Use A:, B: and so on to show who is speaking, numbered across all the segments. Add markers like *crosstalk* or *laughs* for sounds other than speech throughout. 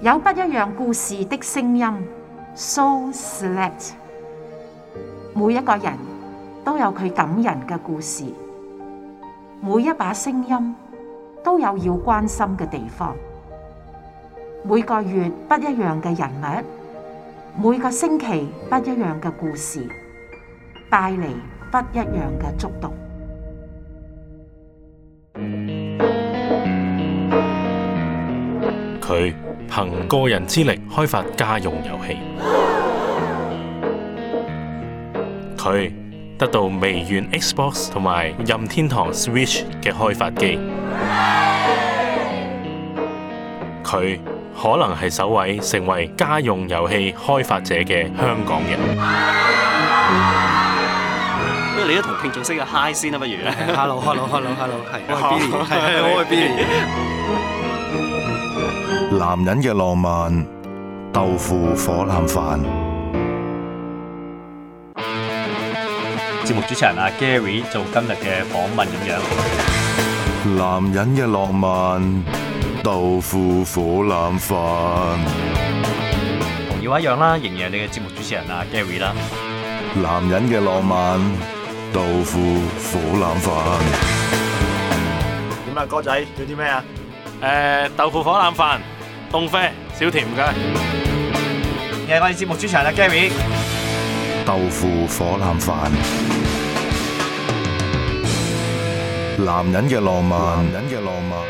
A: 有不一樣故事的聲音，So select。每一個人都有佢感人嘅故事，每一把聲音都有要關心嘅地方。每個月不一樣嘅人物，每個星期不一樣嘅故事，帶嚟不一樣嘅觸動。
B: 佢。憑個人之力開發家用遊戲，佢得到微軟 Xbox 同埋任天堂 Switch 嘅開發機，佢可能係首位成為家用遊戲開發者嘅香港人。不如你一同慶祝先啊，嗨先啊？不如 Hello，Hello，Hello，Hello，係，係，我係 Billy，係我係 Billy。
C: 男人嘅浪漫，豆腐火腩飯。節目主持人阿 Gary 做
B: 今日嘅訪問咁樣。
C: 男人嘅浪漫，豆腐火腩飯。同以往一樣啦，仍
B: 然係你嘅節目主持人阿 Gary 啦。
C: 男人嘅浪漫，豆腐火腩飯。
B: 點啊，哥仔要啲咩啊？誒、呃，豆腐火腩飯。凍啡，少甜唔該，又係我哋節目主持人啦
C: ，Gary。豆腐火腩飯，男人嘅浪漫，男人嘅浪漫，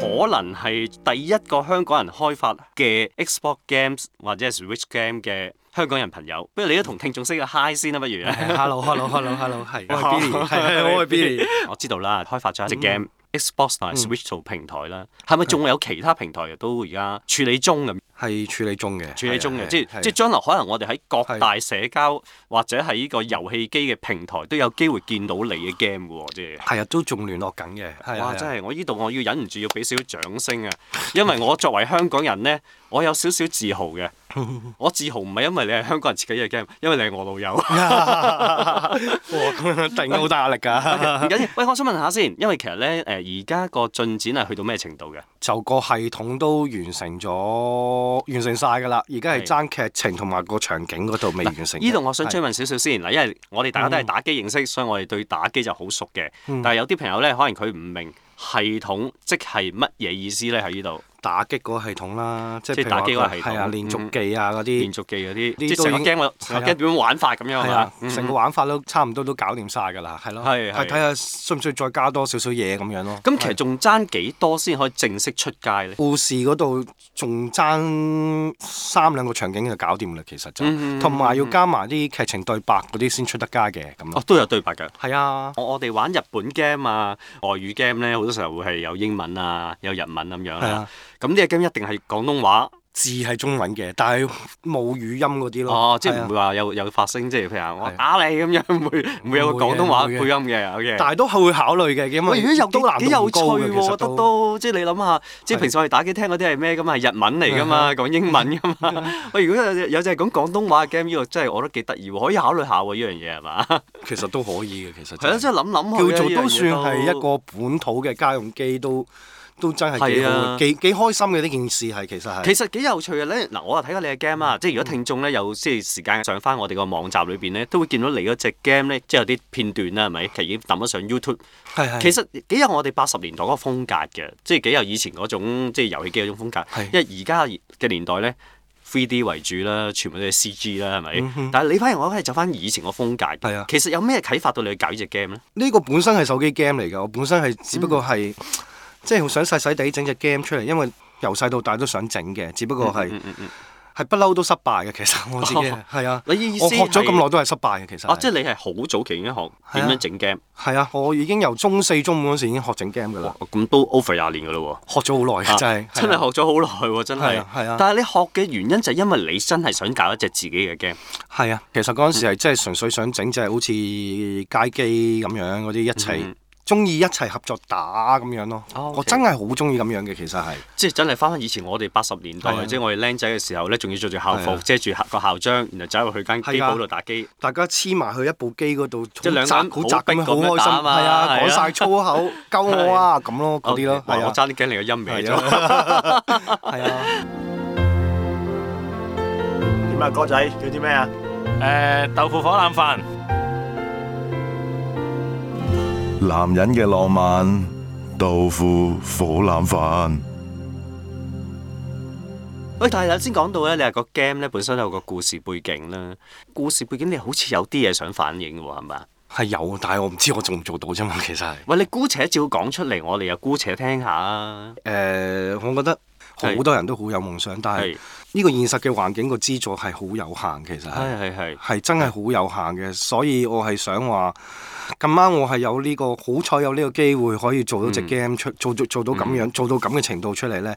B: 可能係第一個香港人開發嘅 Xbox Games 或者係 Switch Game 嘅香港人朋友，不如你都同聽眾識個 Hi 先啦，不如？Hello，Hello，Hello，Hello，係，係，我係 Billy，我知道啦，開發咗一隻 Game。Xbox 同 Switch 平台啦，係咪仲有其他平台都而家處理中咁？係處理中嘅，處理中嘅，的即係的即係將來可能我哋喺各大社交的或者係呢個遊戲機嘅平台都有機會見到你嘅 game 喎，即係。係啊，都仲聯絡緊嘅。哇，真係，我呢度我要忍唔住要俾少少掌聲啊！因為我作為香港人呢，我有少少自豪嘅。 *laughs* 我自豪唔係因為你係香港人設計嘅 game，因為你係我老友，定 *laughs* 好 *laughs* *laughs* *laughs* 大壓力㗎。唔緊要，喂，我想問下先，因為其實咧，誒而家個進展係
D: 去到咩程度嘅？就個系統都完成咗，完成晒㗎啦。而家係爭劇情同埋個場景嗰度未完成。呢度是我想追
B: 問少少先，嗱是，因為我哋大家都係打機認識，嗯、所以我哋對打機就好熟嘅。嗯、但係有啲朋友咧，可能佢唔明系統即係乜嘢意思咧？喺呢度。
D: 打擊嗰個系統啦，即係打擊嗰系統。係啊，連續技啊嗰啲，連
B: 續技嗰啲。即係成個 game 我驚點樣玩法咁樣，係啊，成個玩
D: 法都差唔多都搞
B: 掂晒㗎啦，係咯。係係睇下需唔需要再加多少少嘢咁樣咯。咁其實仲爭幾多先可以正式出街咧？故
D: 事嗰度仲爭三兩個場景就搞掂啦，其實就同埋要加埋啲劇情對白嗰啲先出得家嘅咁。
B: 哦，都有對白㗎。係啊，我哋玩日本 game 啊，外語 game 咧，好多時候會係有英文啊，有日文咁樣啦。咁啲 game 一定係廣東話，字係中文嘅，但係冇語音嗰啲咯。即係唔會話有有發聲，即係譬如話我打你咁樣，唔會唔會有廣東話配音嘅。但係都係會考慮嘅，咁。我如果有幾有趣喎，覺得都即係你諗下，即係平時我哋打機聽嗰啲係咩？咁係日文嚟㗎嘛，講英文㗎嘛。我如果有隻有隻係講廣東話嘅 game，呢個真係我覺得幾得意喎，可以考慮下喎呢樣嘢係嘛？其實都可以嘅，其實係真係諗諗叫做都算係一
D: 個本土嘅家用機都。都真係幾好，啊、幾幾開心嘅呢件事係其實係。其
B: 實幾有趣嘅咧，嗱我啊睇下你嘅 game 啊，嗯、即係如果聽眾咧有即係時間上翻我哋個網站裏邊咧，都會見到你嗰隻 game 咧，即係有啲片段啦，係咪？其實已經抌咗上 YouTube 是。係係。其實幾有我哋八十年代嗰個風格嘅，即係幾有以前嗰種即係遊戲機嗰種風格。是因為而家嘅年代咧，3D 為主啦，全部都係 CG 啦，係咪、嗯哼？但係你反而我係走翻以前個風格。啊、其實有咩啟發到你去搞呢隻 game 咧？呢個本身係手機 game 嚟㗎，我本身係、嗯、只不過係。即係想
D: 細細地整隻 game 出嚟，因為由細到大都想整嘅，只不過係係不嬲都失
B: 敗嘅。其實我自己
D: 係啊，你意思我學咗咁耐
B: 都係失敗嘅。其實即係你係好早期已經學點樣整 game。
D: 係啊，我已經由中四中五嗰時已經學整 game 噶啦。
B: 咁都 over 廿年噶啦喎，學咗好耐真係，真係學咗好耐真係。係啊。但係你學嘅原因就係因為你真係想搞一隻自己嘅 game。
D: 係啊，其實嗰陣時係真係純粹想整隻好似街機咁樣嗰啲一切。鍾意一齊合作打
B: 咁樣咯，
D: 我真係好鍾意咁樣嘅，其實係
B: 即係真係返返以前我哋八十年代，即係我哋僆仔嘅時候咧，仲要著住校服遮住個校章，然後走入去間機鋪度打機，
D: 大家黐埋去一部機嗰度，即係兩間好閘好開心，係啊，講晒粗口，鳩我啊咁咯，嗰啲咯，我爭
B: 啲驚你個陰味咗，係啊，點啊哥仔，叫啲咩啊？誒，豆腐火腩飯。
C: 男人嘅浪漫，豆腐火腩飯。
B: 喂，但係頭先講到咧，你個 game 咧本身有個故事背景啦，故事背景你好似有啲嘢想反映喎，係咪啊？係有，但係我唔知我做唔做到啫嘛，其實係。喂，你姑且照講出嚟，我哋又姑且聽下
D: 啊。誒、呃，我覺得好多人都好有夢想，是但係是。呢個現實嘅環境個資助係好有限，其實係係真係好有限嘅，是所以我係想話，咁啱我係有呢、這個好彩有呢個機會可以做到隻 game 出、嗯、做，做，做到、嗯、做到咁樣做到咁嘅程度出嚟呢，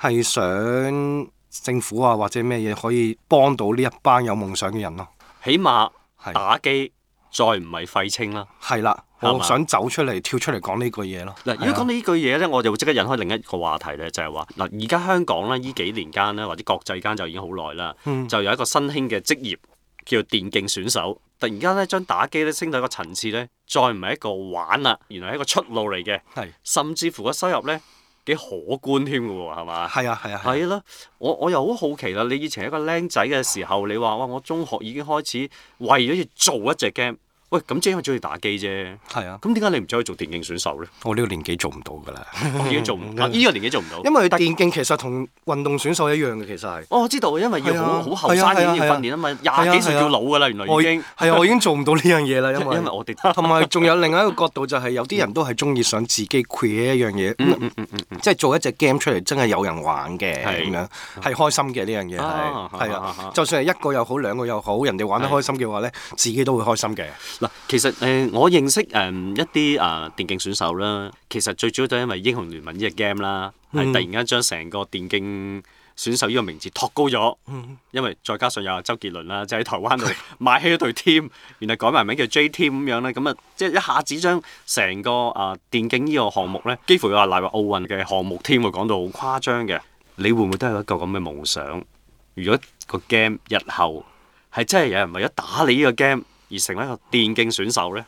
D: 係想政府啊或者咩嘢可以幫到呢一班有夢想嘅人咯，
B: 起碼打機。再唔係廢青啦，係啦吧，我想走出嚟，跳出嚟講呢句嘢咯。嗱，如果講呢句嘢呢，吧我就會即刻引開另一個話題呢，就係話嗱，而家香港呢，呢幾年間呢，或者國際間就已經好耐啦，就有一個新興嘅職業叫做電競選手，突然間呢，將打機呢升到一個層次呢，再唔係一個玩啦，原來係一個出路嚟嘅，是甚至乎個收入呢。幾可觀添嘅喎，係嘛？係啊係啊。係咯，啊啊啊，我我又好好奇啦。你以前一個僆仔嘅時候，你話哇，我中學已經開始為咗要做一隻 game。喂，咁即係因為中意打機啫。係啊，咁點解你唔走去做電競選手咧？我呢個年紀做唔到㗎啦，已經做唔到，呢個年紀做唔到。因為電
D: 競其實同運動選手一樣嘅，其實係。
B: 我我知道，因為要好好後生先要訓練啊嘛，廿幾歲要老㗎啦，原來已經。係啊，我
D: 已經做唔到呢樣嘢啦，因為我哋。同埋仲有另一個角度，就係有啲人都係中意想自己 create 一樣嘢，即係做一隻 game 出嚟，真係有人玩嘅咁樣，係開心嘅呢樣嘢係。就算係一個又好，兩個又好，人哋玩得開心嘅話咧，自己都會開心嘅。
B: 嗱，其實誒，我認識誒一啲啊電競選手啦，其實最主要都係因為英雄聯盟呢個 game 啦，係突然間將成個電競選手呢個名字托高咗。因為再加上有阿周杰倫啦，即係喺台灣度買起咗一隊 team，原來改埋名叫 J Team 咁樣咧，咁啊即係一下子將成個啊電競呢個項目咧，幾乎話例如奧運嘅項目添喎，講到好誇張嘅。你會唔會都係一個咁嘅夢想？如果個 game 日後係真係有人為咗打你呢個 game？而成為一個電競選手咧，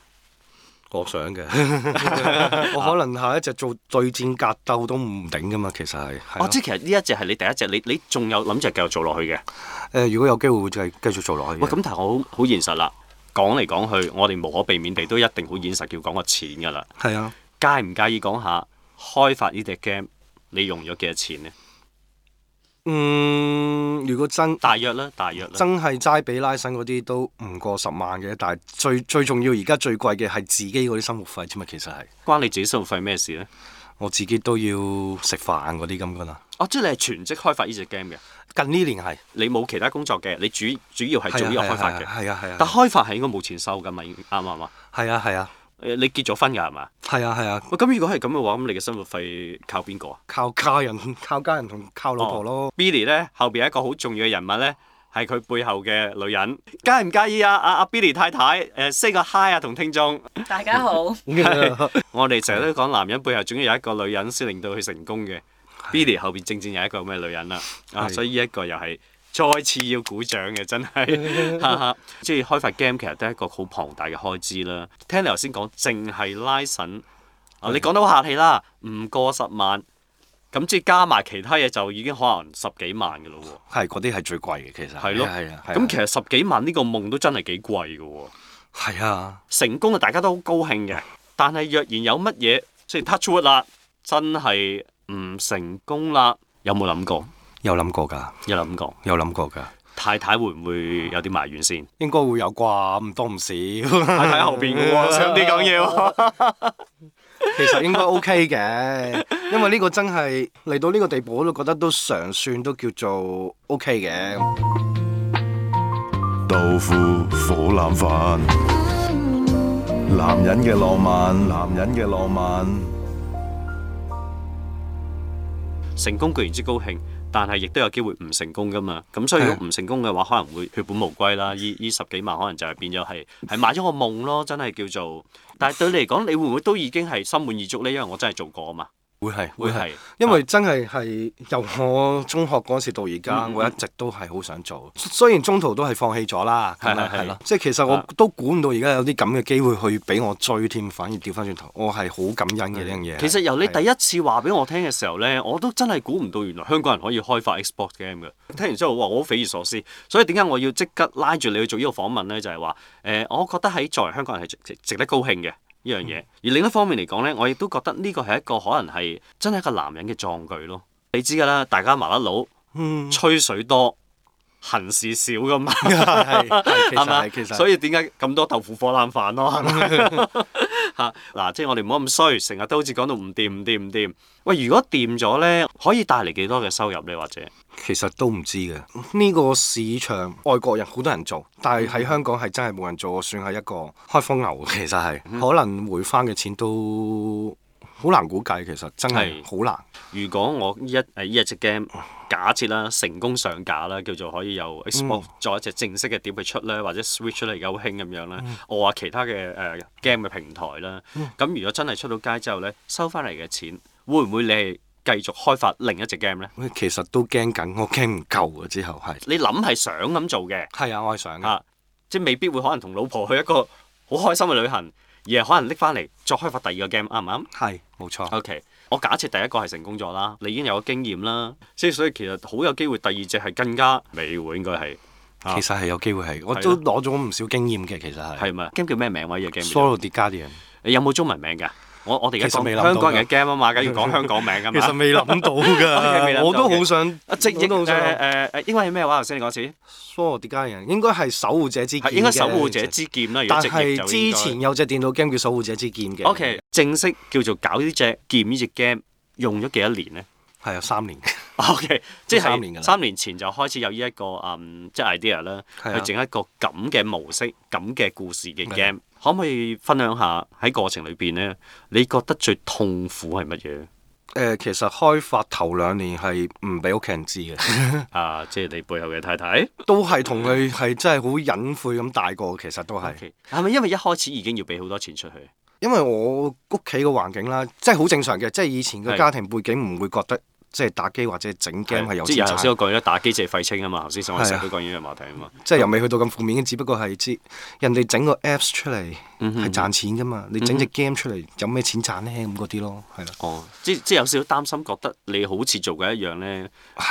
B: 我想嘅， *laughs* 我可能下一隻做對戰格鬥都唔頂㗎嘛。其實係，啊、哦，即其實呢一隻係你第一隻，你你仲有諗著繼續做落去嘅？誒、呃，如果有機會就繼繼續做落去。喂、哦，咁但係我好好現實啦，講嚟講去，我哋無可避免地都一定好現實，要講個錢㗎喇。係啊的，介唔介意講下開發呢隻 game 你用咗幾多錢呢？
D: 嗯，如果真大約咧，大約咧，真係齋比拉伸嗰啲都唔過十萬嘅，但係最最重要而家最貴嘅係自己嗰啲生活費啫嘛，其實係
B: 關你自己生活費咩事咧？我自己都要
D: 食飯嗰啲咁噶啦。
B: 哦、啊，即係你係全職開發呢隻 game 嘅？近呢年係你冇其他工作嘅，你主主要係做呢個、啊啊、開發嘅，係啊係啊。啊啊啊啊但係開發係應該冇錢收㗎嘛？啱啊嘛。係啊係啊。誒，你結咗婚㗎係嘛？係啊，係啊。咁、哦、如果係咁嘅話，咁你嘅生活費靠邊個啊？靠家人，靠家人同靠老婆咯。Billy 咧、哦、後面有一個好重要嘅人物咧，係佢背後嘅女人。介唔介意啊？啊啊，Billy 太太誒 say、呃、個 hi 啊，同聽眾。
A: 大家好。
B: *laughs* 是 *laughs* 我哋成日都講男人背後總要有一個女人先令到佢成功嘅。Billy 是後邊正、正正有一個咁嘅女人啦，啊，所以呢一個又係。再次要鼓掌嘅，真係！哈哈，即係開發 game 其實都係一個好龐大嘅開支啦。聽你頭先講，淨係 license，的你講得好客氣啦，唔過十萬，咁即係加埋其他嘢就已經可能十幾萬嘅咯
D: 喎。係，嗰啲係最貴嘅，其實。係咯，係啊。咁其
B: 實十幾萬呢個夢都真係幾貴嘅喎。係啊的。成功啊，大家都好高興嘅。但係若然有乜嘢，即係 touch wood 啦，真係唔成功啦。有冇諗過？嗯有諗過㗎，有諗過，有諗過㗎。太太會唔會有啲埋怨先？應該會有啩，唔多唔少，太太後邊
D: 唱啲講嘢。其實應該 OK 嘅， *laughs* 因為呢個真係嚟到呢個地步，我都覺得都尚算都叫做 OK 嘅。
C: 豆腐火腩飯，男人嘅浪漫，男人嘅浪漫，
B: 成功固然之高興。但係亦都有機會唔成功㗎嘛，咁所以如果唔成功嘅話，可能會血本無歸啦。呢呢十幾萬可能就係變咗係係買咗個夢咯，真係叫做。但係對你嚟講，你會唔會都已經係心滿意足咧？因為我真係做過啊嘛。會係會係是，
D: 因為真係係、啊、由我中學嗰時到而家，嗯、我一直都係好想做，雖然中途都係放棄咗啦，係係咯，即係其實我都估唔到而家有啲咁嘅機會去俾我追添，啊、反而掉翻轉頭，我係好感恩嘅呢樣嘢。的其實由你
B: 第一次話俾我聽嘅時候呢，的我都真係估唔到原來香港人可以開發 Xbox game 嘅。聽完之後，哇，我，我匪夷所思，所以點解我要即刻拉住你去做呢個訪問呢？就係、是、話，誒、呃，我覺得喺作為香港人係值值得高興嘅呢樣嘢，而另一方面嚟講呢，我亦都覺得呢個係一個可能係真係一個男人嘅壯舉咯。你知㗎啦，大家麻甩佬，嗯、吹水多，行事少咁啊，係係嘛？所以點解咁多豆腐火腩飯咯？嚇嗱，即係我哋唔好咁衰，成日都好似講到唔掂唔掂唔掂。喂，如果掂咗呢，可以帶嚟幾多嘅收入呢？或者？
D: 其實都唔知嘅，呢、這個市場外國人好多人做，但係喺香港係真係冇人做，算係一個開荒牛，其實係、嗯、可能回翻嘅錢都好難估計，其實真係好難。
B: 如果我依一係依一隻 game 假設啦，成功上架啦，叫做可以有 Xbox 做一隻正式嘅碟去出咧，或者 switch 出嚟嘅好興咁樣咧，嗯、我話其他嘅誒、呃、game 嘅平台啦，咁、嗯、如果真係出到街之後咧，收翻嚟嘅錢會唔會你？繼續開發另一隻 game 咧？
D: 其實都驚緊，我驚唔夠啊！之後係你諗係
B: 想咁做嘅，係啊，我係想嘅、啊，即係未必會可能同老婆去一個好開心嘅旅行，而係可能拎翻嚟再開發第二個 game 啱唔啱？係，冇錯。OK，我假設第一個係成功咗啦，你已經有咗經驗啦，即係所以其實好有機會第二隻係更加美喎，應該係、啊的。其實係有機會係，我都攞咗唔少經驗嘅，其實係。係咪？game 叫咩名位嘅 game Solo 啲人。你有冇中文名噶？我我哋而家香港人嘅 game 啊嘛，梗要講香港名噶嘛。 *laughs* 其實未諗到㗎， *laughs* 到我都好想。一直啊，即係、呃呃、應該係咩話？頭先你講一次
D: 《s o l of the g u 應該係《守護者之劍》。係應該《守護者之
B: 劍》啦。但係之前有隻電腦 game 叫《守護者之劍》嘅。O.K. 正式叫做搞呢隻劍呢隻 game 用咗幾多年咧？係有三年。 *laughs* O、okay, K，即係三年前就開始有呢一個嗯，即係 idea 啦，去整一個咁嘅模式，咁嘅故事嘅 game，啊。可唔可以分享下喺過程裏邊咧？你覺得最痛苦係乜嘢？誒、呃，其實開發頭兩年係唔俾屋企人知嘅。 *laughs* 啊，即係你背後嘅太太 *laughs*
D: 都係同佢係真係好隱晦咁大個，其實都係。係咪？okay, 因為一開始已經要俾好多錢出去？因為我屋企嘅環境啦，即係好正常嘅，即係以前嘅家庭背景唔會覺得。即係打機或者整 game 係有錢。即係頭先我
B: 講咗打機即係廢青啊嘛，頭先我成日都講呢樣話題啊嘛。
D: 即係又未去到咁負面嘅，只不過係知人哋整個 apps 出嚟係賺錢噶嘛，你整隻 game 出嚟有咩錢賺咧？咁嗰啲咯，係啦。哦，即
B: 即係有少少擔心，覺得你好似做嘅一樣咧，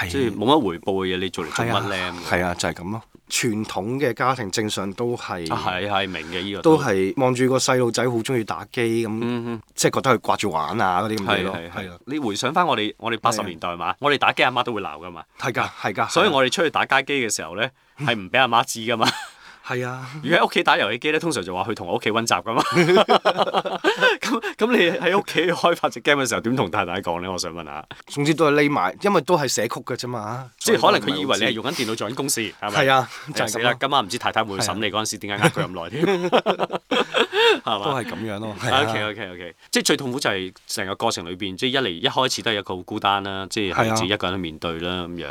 B: 即係冇乜回報嘅嘢，你做嚟做乜咧？係啊，就係
D: 咁咯。傳統嘅家庭正常都係係
B: 係明嘅呢個，都係
D: 望住個細路仔好中意打機咁，即係覺得佢掛住玩啊嗰啲咁嘅咯。係啊，
B: 你回想翻我哋我哋八十。年代嘛，我哋打機阿媽都會鬧㗎嘛，係㗎係㗎，所以我哋出去打街機嘅時候咧，係唔俾阿媽知㗎嘛。 *laughs* 係啊！如果喺屋企打遊戲機咧，通常就話去同我屋企溫習噶嘛。咁咁你喺屋企開發隻 game 嘅時候，點同太太講咧？我想問下。
D: 總之都係匿埋，因為都係寫曲嘅啫嘛。即係可能佢以為你係
B: 用緊電腦做緊公司。係咪？係啊，就係啦。今晚唔知太太會審你嗰陣時，點解呃佢咁耐添？係嘛？都係咁樣咯。O K O K O K，即係最痛苦就係成個過程裏邊，即係一嚟一開始都係一個好孤單啦，即係自己一個人去面對啦咁樣。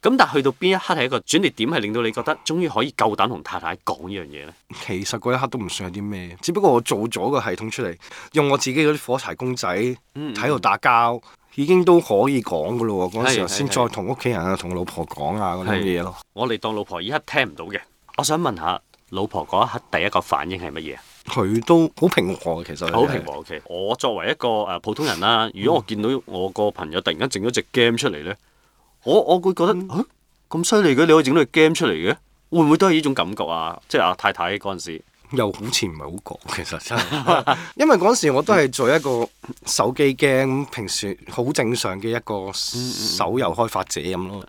B: 咁但係去到邊一刻係一個轉捩點，係令到你覺得終於可以夠膽同太太講呢樣嘢咧，
D: 其實嗰一刻都唔算係啲咩，只不過我做咗個系統出嚟，用我自己嗰啲火柴公仔喺度、嗯、打交，已經都可以講噶咯。嗰陣、嗯、時先、嗯嗯、再同屋企人啊，同、嗯、老婆講啊嗰啲嘢咯。嗯、
B: 我哋當老婆依刻聽唔到嘅。我想問下老婆嗰一刻第一個反應係乜嘢？
D: 佢都好平，平和，其實好平和。
B: 我作為一個誒普通人啦，嗯、如果我見到我個朋友突然間整咗隻 game 出嚟咧，我我會覺得吓咁犀利嘅？你可以整到隻 game 出嚟嘅。會唔會都係呢種感覺啊？即阿太太嗰陣時，又好似唔係好講，其實真
D: 係。 *laughs* 因為嗰陣時我都係做一個手機 game，平時好正常
B: 嘅一個手遊開發者咁咯。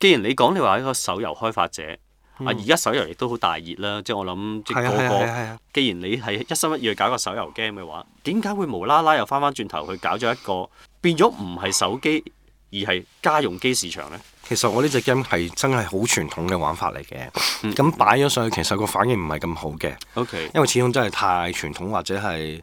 B: 既然你講你話一個手遊開發者，啊而家手遊亦都好大熱啦，即我諗、嗯、即個個。啊啊啊、既然你係一心一意去搞個手遊 game 嘅話，點解會無啦啦又翻翻轉頭去搞咗一個變咗唔係手機而係家用機市場呢？
D: 其實我呢隻 game 係真係好傳統嘅玩法嚟嘅，咁擺咗上去其實個反應唔係咁好嘅，Okay. 因為始終真係太傳統或者係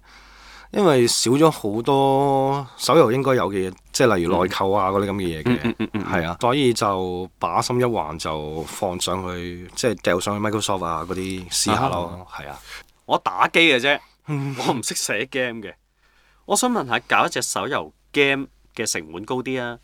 D: 因為少咗好多手遊應該有嘅嘢，即係例如內購啊嗰啲咁嘅嘢嘅，係啊，嗯、所以就把心一橫就放上去，即係掉上去 Microsoft 啊嗰啲試下咯，
B: 係啊。我打機嘅啫，嗯、我唔識寫 game 嘅。我想問下，搞一隻手遊 game 嘅成本高啲啊？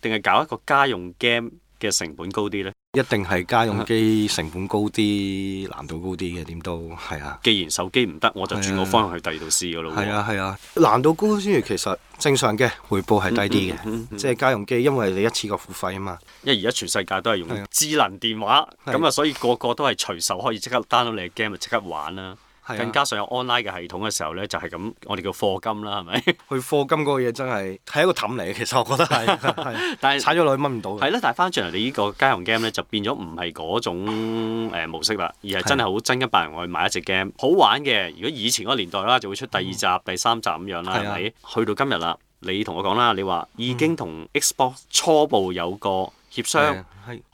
B: 定係搞一個家用 game 嘅成本高啲呢？
D: 一定係家用機成本高啲，難度高啲嘅點都係啊！
B: 既然手機唔得，我就轉個方向去、啊、第二度試嘅咯。係啊
D: 係啊，難度高先，其實正常嘅回報係低啲嘅，即係、嗯嗯嗯嗯、家用機，因為你一次過付費啊嘛。因
B: 為而家全世界都係用智能電話，咁啊，就所以個個都係隨手可以即刻 download 你嘅 game，就即刻玩啦。啊、更加上有 online 嘅系統嘅時候咧，就係、是、咁，我哋叫課金啦，係咪？去課金嗰個嘢真係係一個氹嚟嘅。其實我覺得係。但係踩咗落去掹唔到。係啦，但係翻轉嚟你呢個家用 game 咧，就變咗唔係嗰種、呃、模式啦，而係真係好真金白銀去買一隻 game。好玩嘅，如果以前嗰年代啦，就會出第二集、嗯、第三集咁樣啦，係咪、啊啊啊？去到今日啦，你同我講啦，你話已經同 Xbox 初步有個協商、嗯。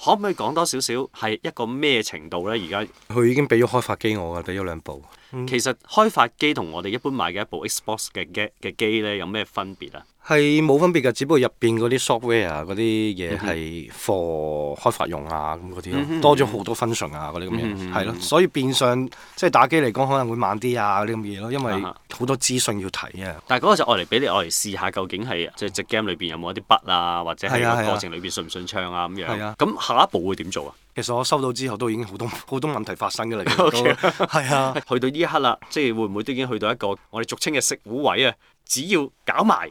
B: 可唔可以講多少少係一個咩程度咧？而家
D: 佢已經俾咗開發機我㗎，俾咗兩部。
B: 其實開發機同我哋一般買嘅一部 Xbox 嘅嘅嘅機咧，有咩分別啊？
D: 係冇分別㗎，只不過入邊嗰啲 software 嗰啲嘢係 for 開發用啊，咁嗰啲多咗好多 function
B: 啊，嗰啲咁嘅，係咯。所
D: 以變相即係打機嚟講可能會慢啲啊，啲咁嘅嘢咯，因為好多資訊要睇啊。
B: 但係嗰個就愛嚟俾你愛嚟試下，究竟係即係隻 game 裏邊有冇一啲 bug 啊，或者係個過程裏邊順唔順暢啊咁樣。咁下一
D: 步會點做啊？其實我收到之後
B: 都已經好多好多問題發生嘅啦。OK，係啊，去到呢一刻啦，即係會唔會都已經去到一個我哋俗稱嘅食糊位啊？只要搞埋，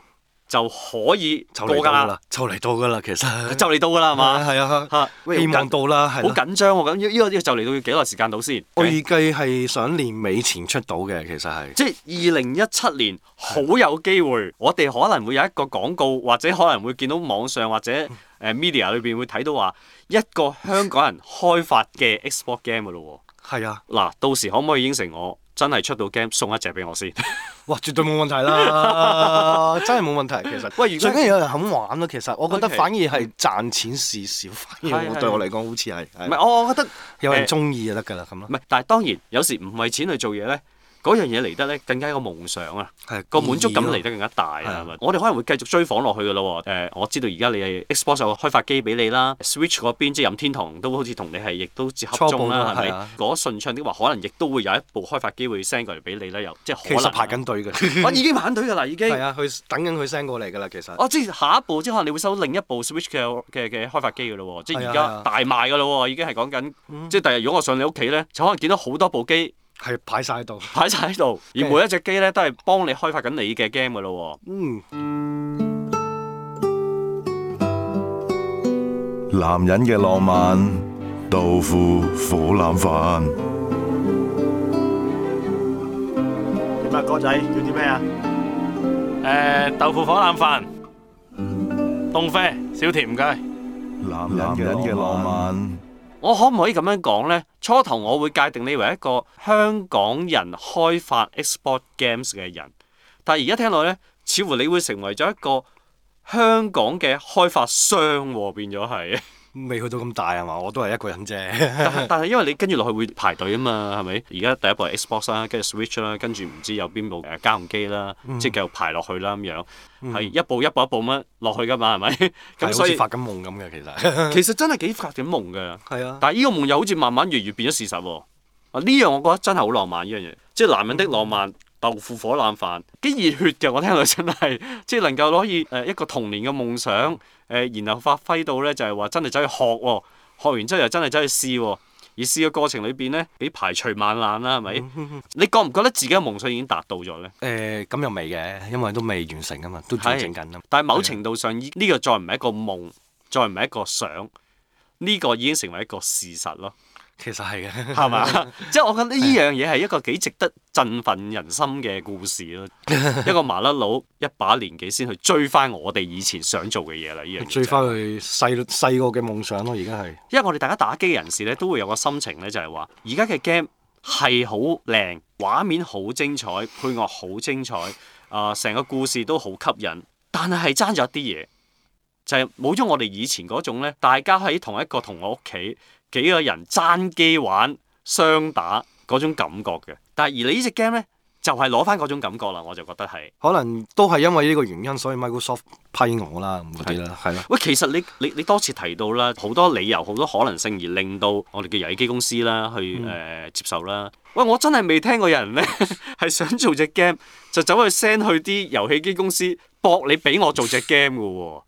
B: 就可以就嚟到啦，
D: 就嚟到噶啦，其實就
B: 嚟 *laughs* 到噶啦，係嘛？係啊，啊希望到啦，好、啊、緊張喎、啊！咁呢、呢個依、呢個就嚟到要幾耐時間到先？我預
D: 計係想年尾前出到嘅，其實係
B: 即係二零一七年好有機會，啊、我哋可能會有一個廣告，或者可能會見到網上或者誒 media 裏邊會睇到話一個香港人開發嘅 Xbox Game 噶咯喎。係啊，嗱，到時可唔可以應承我？真係出到 game 送一隻俾我先，哇！ *laughs* 絕對冇問題
D: 啦， *laughs* 真係冇問題。其實喂，最緊要有人肯玩咯。其實我覺得 Okay. 反而係
B: 賺錢事小，反而我對我嚟講好似係。唔係我，我覺得有人中意就得噶啦咁咯。唔係、呃，但係當然有時唔為錢去做嘢咧。嗰樣嘢嚟得咧，更加一個夢想啊！個的滿足感嚟得更加大啊！的的我哋可能會繼續追訪落去噶咯喎。誒，我知道而家你係 Xbox 有個開發機俾你啦，Switch 嗰邊即係任天堂都好似同你係，亦都接洽中啦，係咪？嗰順暢啲話，可能亦都會有一部開發機會 send 過嚟俾你啦，又即可能、啊、排緊隊嘅、 *laughs* 啊。已經排
D: 緊隊㗎啦，已經。係啊，去等緊佢 send 過嚟㗎啦，其實。
B: 啊，即係下一步，即係可能你會收另一部 Switch 嘅嘅嘅開發機㗎咯喎。即係而家大賣㗎咯喎，已經係講緊。即係第日，如果我上你屋企咧，就可能見到好多部機。係擺曬喺度，擺曬喺度。而每一隻機咧，都係幫你開發緊你嘅 game 嘅咯喎。嗯。
C: 男人嘅浪漫，豆腐火腩飯。
B: 點啊，哥仔，要啲咩啊？誒，豆腐火腩飯。凍啡，少甜，唔該。
C: 男人嘅浪漫。
B: 我可唔可以咁樣講呢？初頭我會界定你為一個香港人開發 Xbox Games 嘅人，但係而家聽落呢，似乎你會成為咗一個香港嘅開發商喎、哦，變咗係。未去到咁大啊嘛？我都係一個人啫。 *laughs* 但係但係因為你跟住落去會排隊啊嘛，係咪？而家第一部 Xbox 啦，跟住 Switch 啦，跟住唔知有邊部誒家用機啦，嗯、即係繼續排落去啦咁樣，係、嗯、一步一步一步咁樣落去㗎嘛係咪？咁 *laughs* 所以發緊夢咁嘅其實。 *laughs* 其實真係幾發緊夢㗎。係啊。但係呢個夢又好似慢慢越越變咗事實喎、啊。啊呢樣我覺得真係好浪漫呢樣嘢，即係男人的浪漫。嗯 *laughs* 豆腐火腩飯，幾熱血嘅！我聽到真係，即係能夠攞以誒一個童年嘅夢想，誒、呃、然後發揮到呢，就係、是、話真係走去學喎、哦，學完之後又真係走去試喎、哦，而試嘅過程裏邊呢，幾排除萬難啦，係咪？ *laughs* 你覺唔覺得自己嘅夢想已經達到咗呢？誒、呃，
D: 咁又未嘅，因為
B: 都未完成啊嘛，都整緊啊。但係某程度上，呢的個再唔係一個夢，再唔係一個想，呢、這個已經成為一個事實咯。其實係嘅吧，係嘛？即係我覺得呢樣嘢係一個幾值得振奮人心嘅故事咯。 *laughs* 一個麻甩佬一把年紀先去追翻我哋以前想做嘅嘢啦，呢樣、 *laughs* 就係。去
D: 追翻佢細細個嘅夢想咯、啊，而家係。
B: 因為我哋大家打機人士咧，都會有個心情咧，就係話而家嘅 game 係好靚，畫面好精彩，配樂好精彩，啊、呃，成個故事都好吸引。但係係爭咗一啲嘢，就係冇咗我哋以前嗰種咧，大家喺同一個同一個屋企，幾個人爭機玩雙打嗰種感覺嘅，但係而你呢隻 game 呢，就係攞翻嗰種感覺啦，我就覺得係
D: 可能都係因為呢個原因，所以 Microsoft 批我啦，咁嗰啲啦，係啦的。
B: 的喂，其實你你你多次提到啦，好多理由，好多可能性而令到我哋嘅遊戲機公司啦去誒、嗯呃、接受啦。喂，我真係未聽過有人呢係 *laughs* 想做隻 game 就走去 send 去啲遊戲機公司。博你俾我做隻 game 嘅喎、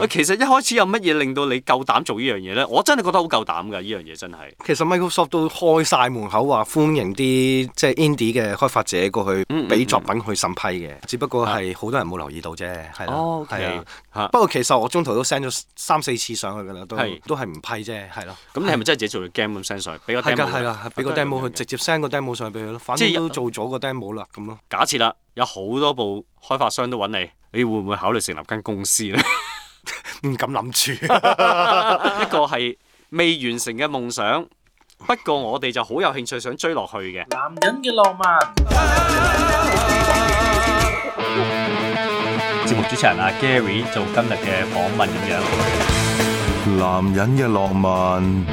B: 哦， *laughs* 其實一開始有乜嘢令到你夠膽做呢樣嘢咧？我真係覺得好夠膽㗎，呢樣嘢真係。
D: 其實 Microsoft 都開晒門口話歡迎啲即係 indie 嘅開發者過去俾、嗯嗯嗯、作品去審批嘅，只不過係好多人冇留意到啫。係啦，係、哦 okay、不過其實我中途都 send 咗三四次上去㗎啦，都是都係唔批啫，係咯。
B: 咁你係咪真係自己做咗 game 咁 send 上？去的？俾、嗯、個 demo，係啦、嗯，俾個 demo
D: 去直接 send 個 demo 上去俾佢咯。反正都做咗個 demo 啦，
B: 咁咯。假設啦。有好多部開發商都揾你，你會唔會考慮成立間公司呢？
D: 唔敢諗住，
B: 一個係未完成嘅夢想。不過我哋就好有興趣想追落去嘅。男
D: 人嘅浪漫。
B: 節目主持人阿 Gary 做今日嘅訪問噉樣。
C: 男人嘅浪漫，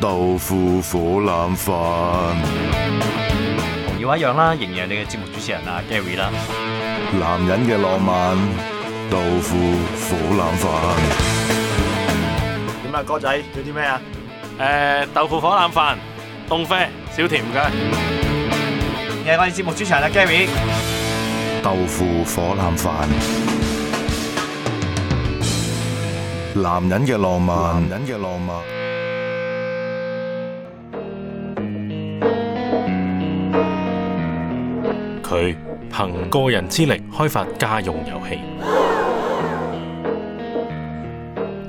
C: 豆腐火腩飯。
B: 一樣啦，仍然係你嘅節目主持人啊 Gary 啦。
C: 男人嘅浪漫，豆腐火腩飯。
B: 點啊，哥仔要啲咩啊？誒、呃，豆腐火腩飯，凍啡，少甜唔該。又係我哋節目主持人啊 Gary。
C: 豆腐火腩飯，男人嘅浪漫。火腩。男人嘅浪漫。佢
B: 憑個人之力開發家用遊戲，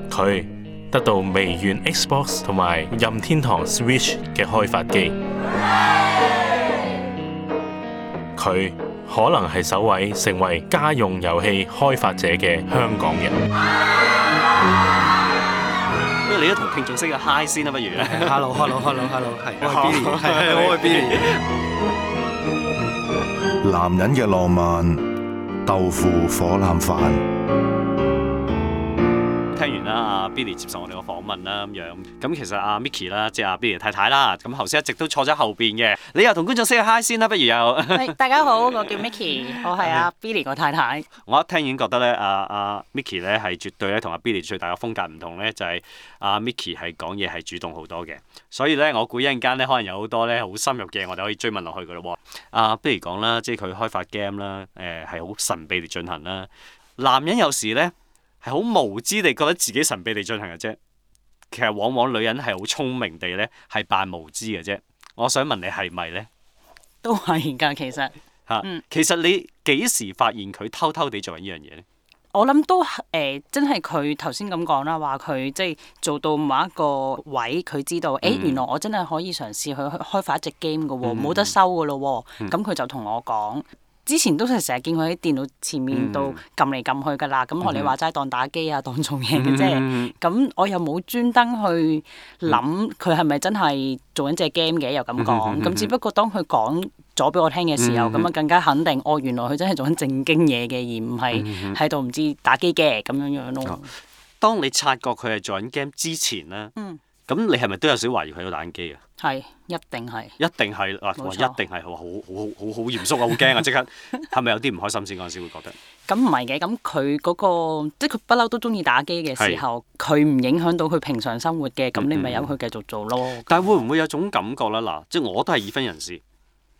B: 佢得到微軟 Xbox 同埋任天堂 Switch 嘅開發機，佢可能係首位成為家用遊戲開發者嘅香港人。不如你都同聽眾識嘅 hi 先啦，不如。Hello，hello，hello，hello，
C: 係，我係 Billy，係我係 Billy。男人嘅浪漫，豆腐火腩飯。
B: 阿 Billy 接受我哋個訪問啦，咁樣，咁其實阿 Micky 啦，即係阿 Billy 太太啦，咁頭先一直都坐咗後邊嘅，你又同觀眾 say 個 hi 先啦，不如又， *laughs*
A: 大家好，我叫 Micky，我係阿 Billy 個太太。
B: *laughs* 我一聽已經覺得咧，阿、啊、阿、啊、Micky 咧係絕對咧同阿 Billy 最大嘅風格唔同咧，就係、是、阿、啊、Micky 係講嘢係主動好多嘅，所以咧我估一陣間咧可能有好多咧好深入嘅我哋可以追問落去噶咯喎。阿不如講啦，即係佢開發 game 啦，誒係好神秘地進行啦，男人有時咧，係好無知地覺得自己神秘地進行嘅啫，其實往往女人係好聰明地咧，係扮無知嘅啫。我想問你係咪咧？
A: 都係㗎，其實嚇，嗯、
B: 其實你幾時發現佢偷偷地做緊呢樣嘢咧？
A: 我諗都誒、呃，真係佢頭先咁講啦，話佢即係做到某一個位，佢知道誒、嗯欸，原來我真係可以嘗試去開發一隻 game 嘅喎，冇、嗯、得收嘅咯喎，咁佢就同我講。嗯之前都係成日見佢喺電腦前面度撳嚟撳去㗎喇，咁學、嗯、你話齋當打機啊，當做嘢嘅啫。咁、嗯、我又冇專登去諗佢係咪真係做緊隻 game 嘅，嗯嗯嗯、又咁講。咁、嗯嗯、只不過當佢講咗俾我聽嘅時候，咁啊、嗯嗯、更加肯定，哦原來佢真係做緊正經嘢嘅，而唔係喺度唔知打機嘅咁樣樣咯。
B: 當你察覺佢係做緊 game 之前咧？嗯咁你係咪都有少懷疑佢喺度打機啊？係，一定係。一定係嗱，一定係好好好好好嚴肅啊，好驚啊！即刻係咪有啲唔開心先嗰陣先會覺得？
A: 咁唔係嘅，咁佢嗰個即係佢不嬲都中意打機嘅時候，佢唔影響到佢平常生活嘅，咁你咪由佢繼續做咯。
B: 但係會唔會有種感覺啦？嗱，即係我都係已婚人士，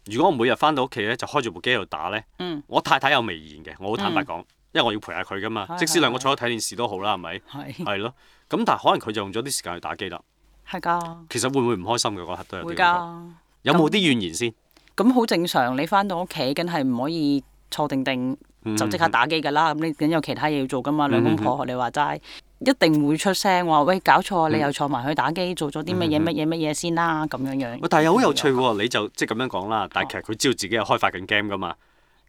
B: 如果我每日翻到屋企咧就開住部機喺度打咧，我太太有微言嘅，我好坦白講，因為我要陪下佢㗎嘛，即使兩個坐喺度睇電視都好啦，係咪？係。係咯，咁但係可能佢就用咗啲時間去打機啦。係噶，其實會唔會唔開心嘅嗰刻都有啲咁。
A: 有冇啲怨言先？咁好正常，你翻到屋企，梗係唔可以坐定定就即刻打機噶啦。咁你梗有其他嘢要做噶嘛？兩公婆學你話齋，一定會出聲，話：喂，搞錯！你又坐埋去打機，做咗啲乜嘢乜嘢乜嘢先啦？咁樣樣。但係又好有
B: 趣喎！你就即係咁樣講啦。但係其實佢知道自己又開發緊 game 噶嘛。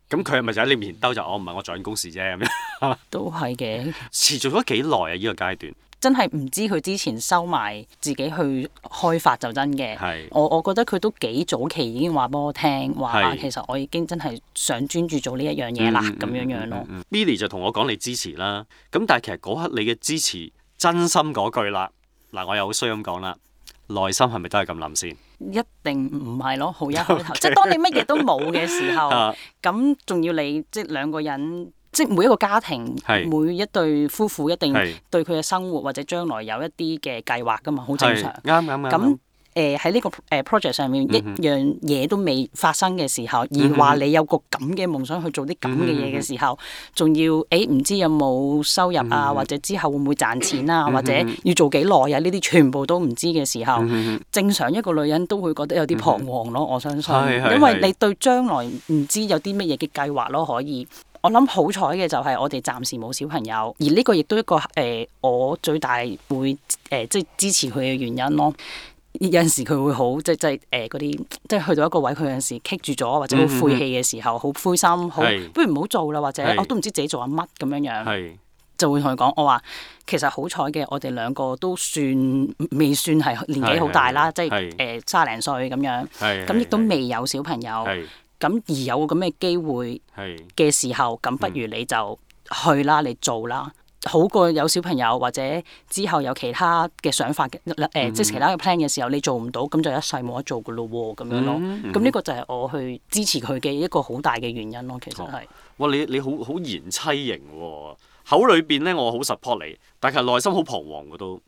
B: 咁佢係咪就喺你面前兜，就我唔係我做緊公事啫咁樣？都係嘅。持續咗幾耐啊？呢個階段。
A: 真係唔知佢之前收埋自己去開發就真嘅。我對我覺得佢都幾早期已經話俾我聽，話是其實我已經真係想專注做呢一、嗯嗯嗯嗯嗯、樣嘢啦，咁樣樣咯。
B: Milly 就同我講，你支持啦。咁但係其實嗰刻你嘅支持，真心嗰句啦，嗱我又好衰咁講啦，內心係咪都係咁諗先？
A: 一定唔係咯，好一開頭，即係 *laughs* 當你乜嘢都冇嘅時候，咁仲 *laughs* 要你即係兩個人。即係每一個家庭，是每一對夫婦一定對佢嘅生活或者將來有一啲嘅計劃噶嘛，好正常。啱啱咁誒喺呢個誒 project 上面，嗯、哼一樣嘢都未發生嘅時候，而話你有個咁嘅夢想去做啲咁嘅嘢嘅時候，仲，嗯、哼要誒唔知有冇收入啊，嗯、哼或者之後會唔會賺錢啊，嗯、哼或者要做幾耐啊，呢啲全部都唔知嘅時候，正常一個女人都會覺得有啲彷徨咯。我相信，因為你對將來唔知有啲乜嘢嘅計劃咯，可以。我諗好彩嘅就係我哋暫時冇小朋友，而呢個亦都一個誒，我最大會誒即係支持佢嘅原因咯。有陣時佢會好即係即係誒嗰啲，即係去到一個位，佢有陣時棘住咗，或者好晦氣嘅時候，好灰心，好不如唔好做啦，或者我都唔知自己做緊乜咁樣樣，就會同佢講，我話其實好彩嘅，我哋兩個都算未算係年紀好大啦，即係誒三十零歲咁樣，咁亦都未有小朋友。咁而有個咁嘅機會嘅時候，咁是不如你就去啦，嗯、你做啦，好過有小朋友或者之後有其他嘅想法嘅誒，呃嗯、即係其他嘅 plan 嘅時候，你做唔到，咁就一世冇得做噶咯喎，咁樣咯。咁呢、嗯、個就係我去支持佢嘅一個好大嘅原因咯。其實係、哦、
B: 哇，你你好好賢妻型喎、哦，口裏邊咧我好 support 你，但係內心好彷徨嘅都。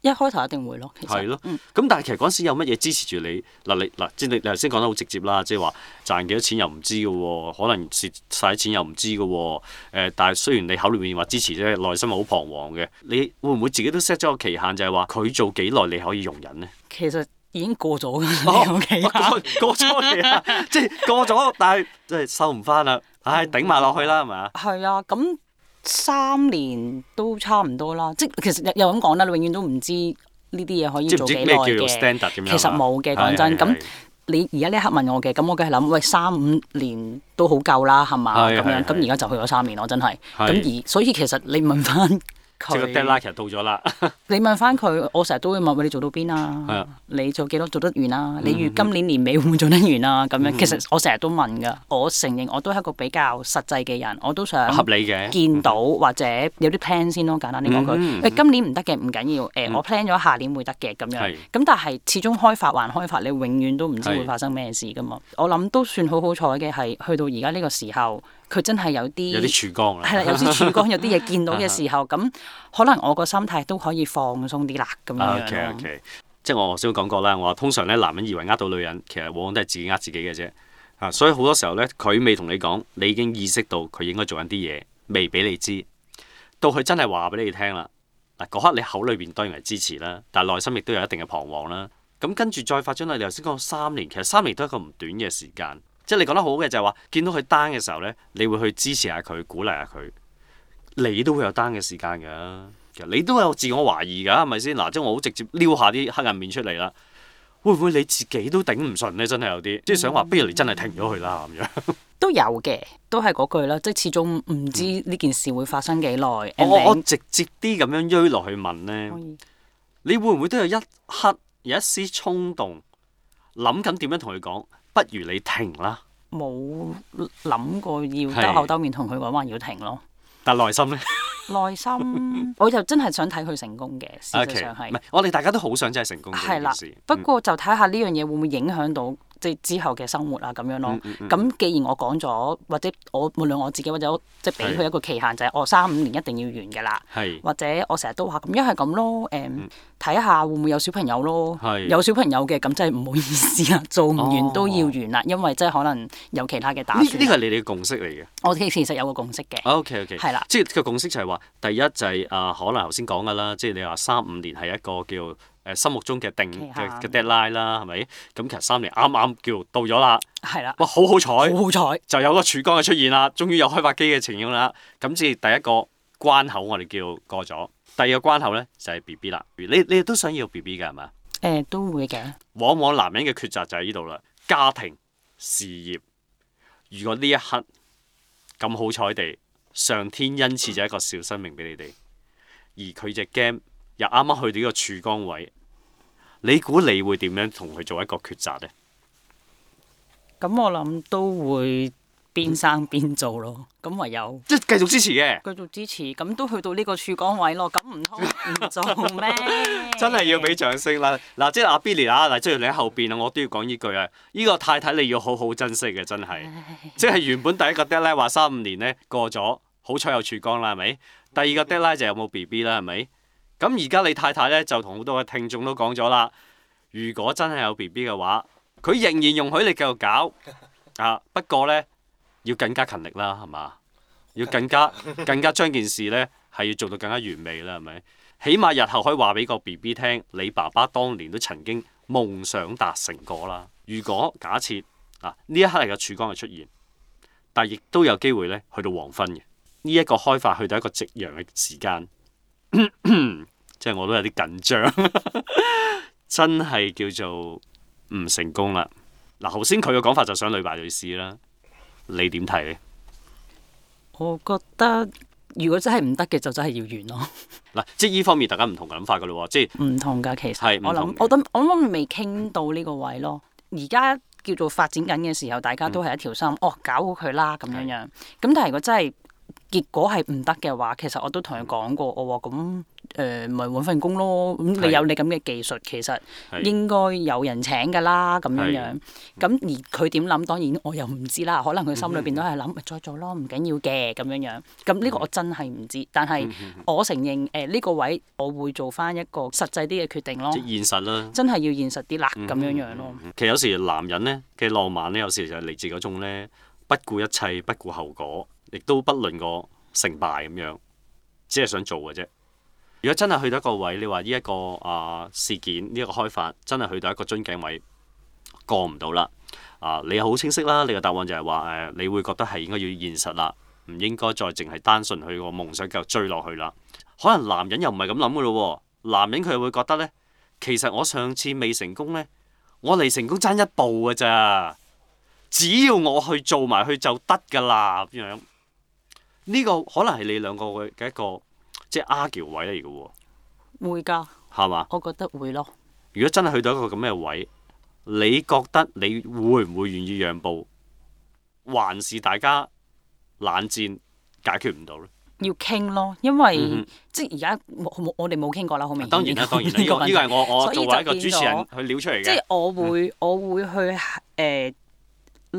A: 一開頭一定會咯，係咯。
B: 咁但係其實嗰陣的、嗯、時有乜嘢支持住你？嗱，你嗱，即係你頭先講得好直接啦，即係話賺幾多錢又唔知㗎喎，可能蝕曬錢又唔知㗎喎。誒，但係雖然你口裏面話支持啫，內心好彷徨嘅。你會唔會自己都 set 咗個期限就，就係話佢做幾耐你可以容忍
A: 咧？其實已經過咗㗎啦，過咗㗎啦，
B: *laughs* 即係過咗，但係即係收唔翻啦。唉，頂埋落去啦，係咪啊？
A: 係啊，咁。三年都差唔多啦，即其實又咁講啦，你永遠都唔知呢啲嘢可以做幾耐嘅。Standard，其實冇嘅，講是真。咁，是你而家呢一刻問我嘅，咁我梗係諗，喂，三五年都好夠啦，係嘛？咁，是樣咁而家就去咗三年，囉，真係。咁是是 而所以其實你問翻。即係個 deadline
B: 其實到咗啦。
A: 他你問翻佢，我成日都會問你做到邊啊？的你做幾多做得完啊？你如今年年尾會唔會做得完啊？咁樣其實我成日都問噶。我承認我都係一個比較實際嘅人，我都想合理嘅見到、嗯、或者有啲 plan 先咯。簡單啲講佢，今年唔得嘅唔緊要，誒、呃、我 plan 咗下年會得嘅咁樣。咁、嗯、但係始終開發還開發，你永遠都唔知會發生咩事噶嘛。的我諗都算好好彩嘅係，去到而家呢個時候。佢真係有啲，有啲曙
B: 光啊！係啦，有啲曙光，有啲
A: 嘢見到嘅時候，咁 *laughs* 可能我個心態都可以放鬆啲啦。咁樣，OK OK，
B: 即係我頭先講過啦。我話通常咧，男人以為呃到女人，其實往往都係自己呃自己嘅啫。啊，所以好多時候咧，佢未同你講，你已經意識到佢應該做緊啲嘢，未俾你知。到佢真係話俾你聽啦，嗱嗰刻你口裏邊當然係支持啦，但係內心亦都有一定嘅彷徨啦。咁跟住再發展啦，你頭先講三年，其實三年都係一個唔短嘅時間。即係你講得好嘅就係話，見到佢 down 嘅時候咧，你會去支持下佢，鼓勵下佢。你都會有 down 嘅時間㗎，其實你都有自我懷疑㗎，係咪先？嗱、啊，即、就、係、是、我好直接撩下啲黑人面出嚟啦。會唔會你自己都頂唔順咧？真係有啲即係想話不如你真係停咗佢啦咁樣。
A: 都有嘅，都係嗰句啦。即係始終唔知呢件事會發生幾耐、嗯 then。我我
B: 直接啲咁樣追落去問咧，以你會唔會都有一刻有一絲衝動，諗緊點樣同佢講？不如你停啦！
A: 冇諗過要兜口兜面同佢講話要停咯。
B: 但係內心咧？
A: *laughs* 內心我就真係想睇佢成功嘅。事實上係唔係？
B: 我哋大家都好想真係成功呢件事。係啦，了嗯、不過
A: 就睇下呢樣嘢會唔會影響到。即係之後嘅生活啊咁樣咯。咁、嗯嗯嗯、既然我講咗，或者我無論我自己或者即係俾佢一個期限，是就係我三五年一定要完嘅啦。是或者我成日都話咁，一係咁咯。誒，睇下會唔會有小朋友咯？是有小朋友嘅咁真係唔好意思啊，做唔完都要完啦。因為即係可能有其他嘅打算。呢個係
B: 你哋嘅共識嚟
A: 嘅。我其實有個共識嘅、哦。
B: OK OK。係啦的，即係個共識就係話，第一就係、是、啊、呃，可能頭先講嘅啦，即係你話三五年係一個叫。誒，心目中嘅定嘅的 deadline 啦，係咪？咁其實三年啱啱叫到咗啦，
A: 係啦的，哇好好彩，好好
B: 彩，好好彩就有個曙光嘅出現啦，終於有開發機嘅情形啦。咁至第一個關口我哋叫過咗，第二個關口咧就係、是、B B 啦。你你都想要 B B 嘅係咪啊？
A: 誒都會嘅。
B: 往往男人嘅抉擇就喺呢度啦，家庭事業。如果呢一刻咁好彩地，上天恩賜咗一個小生命俾你哋，嗯、而佢隻 game 又啱啱去到呢個曙光位。你估你會點樣同佢做一
A: 個抉擇呢？咁我諗都會邊生邊做咯，咁唯有即係繼續支持嘅。繼續支持，咁都去到呢個處崗位咯。咁唔通唔做咩？
B: *laughs* *laughs* 真係要俾掌聲啦！嗱、啊，即係阿 Billy 啊，嗱，即然你喺後邊啊，我都要講呢句啊，呢、呢個太太你要好好珍惜嘅，真係。 *laughs* 即係原本第一個 Della 話三五年呢過咗，好彩有處崗啦，係咪？第二個 Della 就有冇 BB 啦，係咪？咁而家你太太咧就同好多嘅聽眾都講咗啦，如果真係有 BB 嘅話，佢仍然容許你繼續搞啊，不過咧要更加勤力啦，係嘛？要更加更加將件事咧係要做到更加完美啦，係咪？起碼日後可以話俾個 BB 聽，你爸爸當年都曾經夢想達成過啦。如果假設啊呢一刻係個曙光嘅出現，但亦都有機會咧去到黃昏嘅呢一個開發去到一個夕陽嘅時間。 *coughs* 即係我都有啲緊張， *laughs* 真係叫做唔成功啦。嗱，頭先佢嘅講法就想屢敗屢試啦，你點睇？
A: 我覺得如果真係唔得嘅，就真係要完咯。
B: 嗱，即係呢方面大家唔同嘅諗法噶啦，即係唔同噶。其實是我諗想
A: 我諗我諗未傾到呢個位咯。而家叫做發展緊嘅時候，大家都係一條心，嗯、哦，搞好佢啦咁樣樣。咁的但係如果真係結果係唔得嘅話，其實我都同佢講過我咁誒，咪、嗯呃、搵份工咯。咁、嗯、你有你咁嘅技術，其實應該有人請㗎啦。咁樣樣，咁是、嗯嗯、而佢點諗？當然我又唔知啦。可能佢心裏邊都係諗，咪、嗯嗯、再做咯，唔緊要嘅咁樣樣。咁呢、呢個我真係唔知，但係我承認誒呢、呃呢個位，我會做翻一個實際啲嘅決定咯。即
B: 現實啦，真
A: 係要現實啲啦，咁樣樣咯。其
B: 實有時男人呢嘅浪漫呢，有時就係嚟自嗰種呢，不顧一切，不顧後果。亦都不論個成敗咁樣，只係想做嘅啫。如果真係去到一個位，你話呢一個啊、呃、事件，呢、呢、一個開發真係去到一個樽頸位，過唔到啦。啊、呃，你好清晰啦，你個答案就係話誒，你會覺得係應該要現實啦，唔應該再淨係單純去個夢想繼續追落去啦。可能男人又唔係咁諗嘅咯喎，男人佢會覺得呢，其實我上次未成功呢，我離成功爭一步嘅咋，只要我去做埋去就得㗎啦，咁樣。呢個可能係你兩個嘅一個即係、就是、argue 位嚟嘅喎。
A: 會㗎的。
B: 係嘛吧？我覺得會咯。如果真係去到一個咁嘅位，你覺得你會唔會願意讓步，還是大家冷戰解決唔到咧？
A: 要傾咯，因為、嗯、哼即係而家我哋冇傾過啦，好明顯。當然啦，當然呢個呢 *laughs* 個係我以我作為一個主持人去撩出嚟嘅。即係我會 *laughs* 我會去誒。呃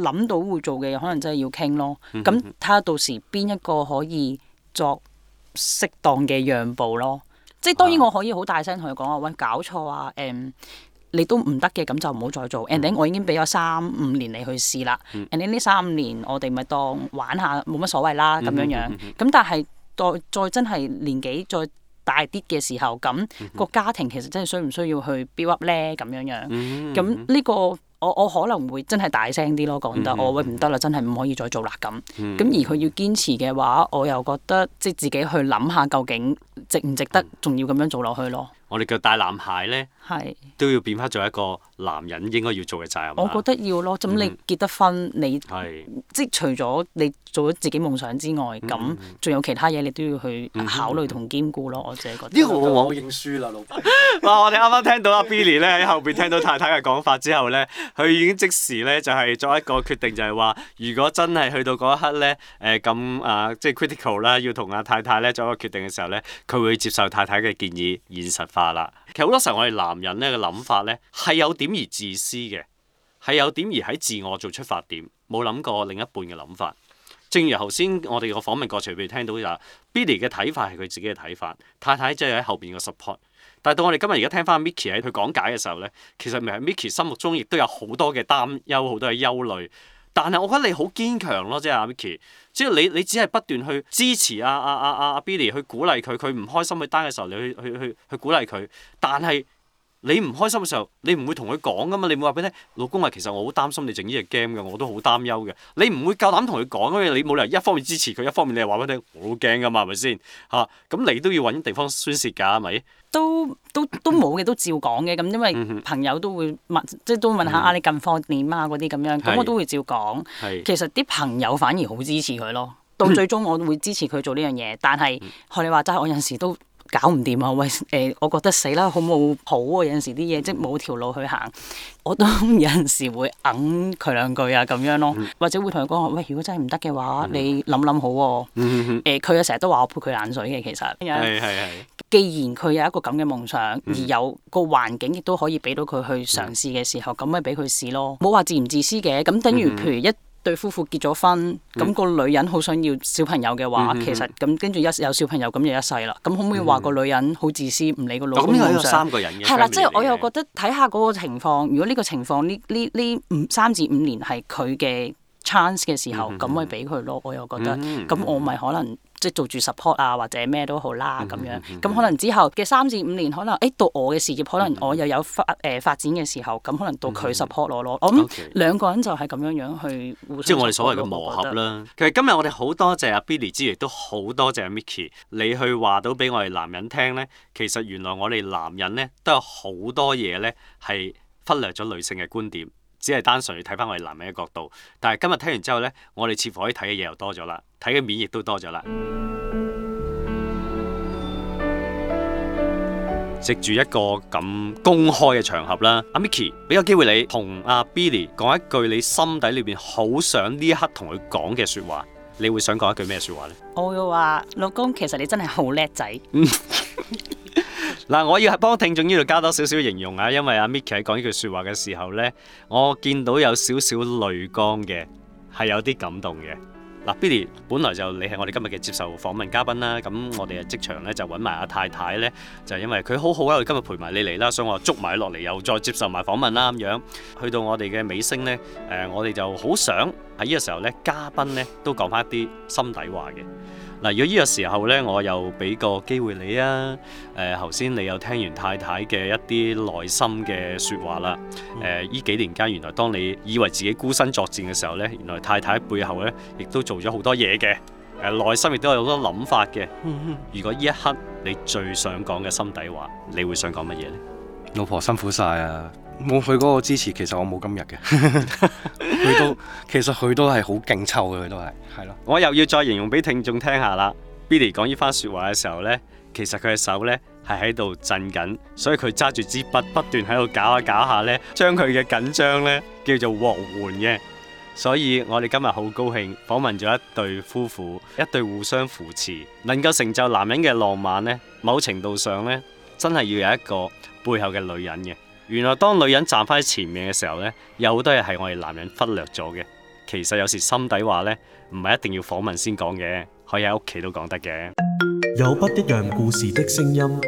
A: 諗到會做嘅可能真係要傾咯。咁睇下到時邊一個可以作適當嘅讓步咯。即係當然我可以好大聲同佢講話，喂，搞錯啊！誒、嗯，你都唔得嘅，咁就唔好再做。And 我已經俾咗三五年你去試啦。And 呢三五年，我哋咪當玩下，冇乜所謂啦，咁樣樣。咁但係再再真係年紀再大啲嘅時候，咁個家庭其實真係需唔需要去 build up 咧？咁樣樣。咁呢個。我我可能會真係大聲啲咯講得，我會唔得啦，真係唔可以再做啦咁。咁而佢要堅持嘅話，我又覺得即係自己去諗下究竟值唔值得，仲要咁樣做落去咯。
B: 我哋叫大男孩咧，是都要變翻做一個男人應該要做嘅責任。我覺
A: 得要咯，咁、嗯、你結得婚，你是即係除咗你做咗自己夢想之外，咁仲、嗯、有其他嘢你都要去考慮同兼顧咯。嗯、我自己覺
B: 得。呢個、嗯、我認輸啦，老闆。哇！ *laughs* 我哋啱啱聽到阿 Billy 咧喺後邊聽到太太嘅講法之後咧，佢已經即時咧就係作一個決定，就係、是、話如果真係去到嗰一刻咧，誒、呃、咁、呃、啊，即係 critical 啦，要同阿太太咧作一個決定嘅時候咧，佢會接受太太嘅建議，現實。啦，其實好多時候我哋男人咧嘅諗法咧，係有點而自私嘅，係有點而喺自我做出發點，冇諗過另一半嘅諗法。正如頭先我哋個訪問過程中聽到就 Billy 嘅睇法係佢自己嘅睇法，太太即係喺後邊嘅 support。但係到我哋今日而家聽翻 Micky 喺佢講解嘅時候咧，其實咪喺 Micky 心目中亦都有好多嘅擔憂，好多嘅憂慮。但係我覺得你好堅強咯，即係阿 Vicky，即係你你只係不斷去支持阿阿阿阿 Billy 去鼓勵佢，佢唔開心去 down 嘅時候，你去去去去鼓勵佢。但係你唔開心嘅時候，你唔會同佢講㗎嘛，你唔會話俾佢聽，老公啊，其實我好擔心你整呢隻 game 嘅，我都好擔憂嘅。你唔會夠膽同佢講，因為你冇理由一方面支持佢，一方面你又話俾佢聽我好驚㗎嘛，係咪先？嚇、啊、咁你都要揾地方宣泄㗎，係
A: 咪？都都都冇嘅，都照講嘅咁，因為朋友都會問，即係都會問下、嗯、啊，你近況點啊？嗰啲咁樣，咁我都會照講。係係其實啲朋友反而好支持佢咯。到最終我都會支持佢做呢樣嘢，但係學你話齋，我有時都搞唔掂啊。喂，誒、呃，我覺得死啦，好冇好啊。有時啲嘢即冇條路去行，我都有陣時會揞佢兩句啊咁樣咯，或者會同佢講喂，如果真係唔得嘅話，你諗諗好喎、啊。佢又成日都話我潑佢冷水嘅，其實。既然佢有一個咁嘅夢想，而有個環境亦都可以俾到佢去嘗試嘅時候，咁咪俾佢試咯。冇話自唔自私嘅。咁等於譬如一對夫婦結咗婚，咁個女人好想要小朋友嘅話，其實咁跟住一有小朋友咁就一世啦。咁可唔可以話個女人好自私？唔理個老公？咁邊係有三個人嘅？係啦，即係我又覺得睇下嗰個情況。如果呢個情況呢呢呢五三至五年係佢嘅 chance 嘅時候，咁咪俾佢咯。我又覺得，咁我咪可能。即係做住 support 啊，或者咩都好啦咁樣，咁可能之後嘅三至五年，可能誒、哎、到我嘅事業可能我又有發誒、呃、發展嘅時候，咁可能到佢 support 我咯。我兩 Okay.、嗯、個人就係咁樣樣去互相即係我哋所謂嘅磨合
B: 啦。其實今日我哋好多謝阿 Billy 之餘，都好多謝阿 Micky，你去話到俾我哋男人聽咧，其實原來我哋男人咧都有好多嘢咧係忽略咗女性嘅觀點。只係單純要睇翻我哋男人嘅角度，但係今日聽完之後呢，我哋似乎可以睇嘅嘢又多咗啦，睇嘅面亦都多咗啦。 *music* 藉住一個咁公開嘅場合啦，阿 Micky 俾個機會你同阿 Billy 講一句你心底裏邊好想呢一刻同佢講嘅説話，你會想講一句咩説話呢？
A: 我會話：老公，其實你真係好叻仔。 *laughs*
B: 嗱，我要係幫聽眾呢度加多少少形容啊，因為阿 Micky 喺講呢句説話嘅時候呢，我見到有少少淚光嘅，係有啲感動嘅。嗱，Billy 本來就你係我哋今日嘅接受訪問嘉賓啦，咁我哋即場呢，就揾埋阿太太呢，就因為佢好好啊，佢今日陪埋你嚟啦，所以我捉埋落嚟又再接受埋訪問啦咁樣，去到我哋嘅尾聲呢，誒、呃，我哋就好想喺呢個時候呢，嘉賓呢，都講翻一啲心底話嘅。嗱，如果呢個時候呢，我又俾個機會你啊！誒、呃，頭先你又聽完太太嘅一啲內心嘅説話啦。誒、嗯，呢、呃、幾年間，原來當你以為自己孤身作戰嘅時候呢，原來太太背後呢亦都做咗好多嘢嘅。誒、呃，內心亦都有好多諗法嘅。如果呢一刻你最想講嘅心底話，你會想講乜嘢呢？
D: 老婆辛苦晒啊！冇佢嗰個支持，其實我
B: 冇今日嘅。佢 *laughs* *laughs* 都其實佢都係好勁抽嘅，佢都係係咯。我又要再形容俾聽眾聽下啦。Billy 講呢番説話嘅時候呢，其實佢嘅手呢係喺度震緊，所以佢揸住支筆不斷喺度搞下搞下呢，將佢嘅緊張呢叫做獲緩嘅。所以我哋今日好高興訪問咗一對夫婦，一對互相扶持，能夠成就男人嘅浪漫呢。某程度上呢，真係要有一個背後嘅女人嘅。原來當女人站翻喺前面嘅時候呢，有好多嘢係我哋男人忽略咗嘅。其實有時心底話呢，唔係一定要訪
C: 問先講嘅，可以喺屋企都講得嘅。有不一樣故事的聲音。